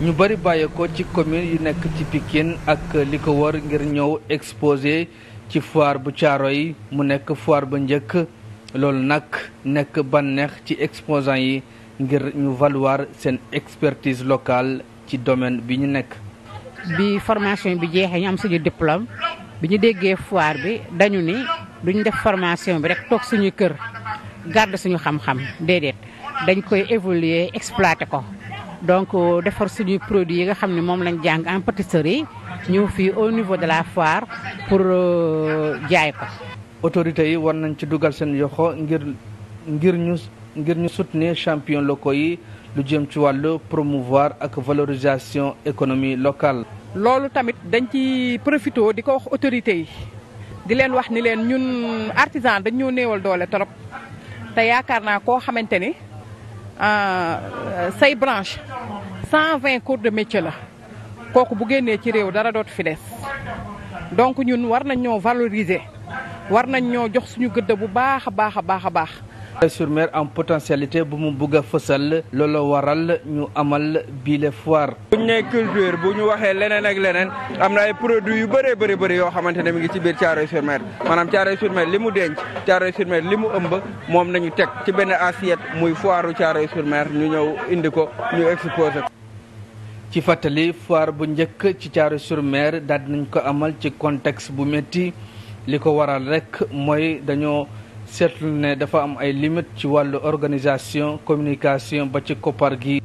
ñu bëri ko ci commune yu nekk ci Pikine ak li ko wër ngir ñëw exposé ci foire bu caaro yi mu nekk foire ba njëkk loolu nag nekk banneex ci exposant yi ngir ñu valoir seen expertise locale ci domaine bi ñu nekk. bi formation bi jeexee ñu am suñu diplôme bi ñu déggee foire bi dañu ni duñu def formation bi rek toog suñuy kër garde suñu xam-xam déedéet dañ koy évoluer exploiter ko. donc euh, defar suñuy produits yi nga xam ne moom lañ jàng en yi ñu fii au niveau de la foire pour euh, jaay ko. autorités yi war nañ ci dugal seen yoxo ngir ngir ñu ngir ñu soutenir champion locaux yi lu jëm ci wàllu promouvoir ak valorisation économie locale. loolu tamit dañ ci profité di ko wax autorités yi di leen wax ni leen ñun artisan dañ ñoo néewal doole trop te yaakaar naa koo xamante ni. Euh, euh, say branche cent vingt cours de métier la kooku bu génnee ci réew dara dootu fi des donc ñun war nañ ñoo valoriser war nañ ñoo jox suñu gëdd bu baax a baax a baax a baax sur mer am potentialité bu mu bugg a fësal looloo waral ñu amal bile foire. bu ñu nee bu ñu waxee leneen ak leneen am na ay produits yu bëree bëri bëri yoo xamante ne mi ngi ci biir Thiaroye sur mer maanaam Thiaroye li mu denc Thiaroye sur li mu ëmb moom nañu teg ci benn assiette muy foiru Thiaroye sur ñu ñëw indi ko ñu exposé ci fàttali foir bu njëkk ci Thiaroye sur Mer daal ko amal ci contexte bu métti li ko waral rek mooy dañoo. seetlu ne dafa am ay limites ci wàllu organisation communication ba ci koppar gi.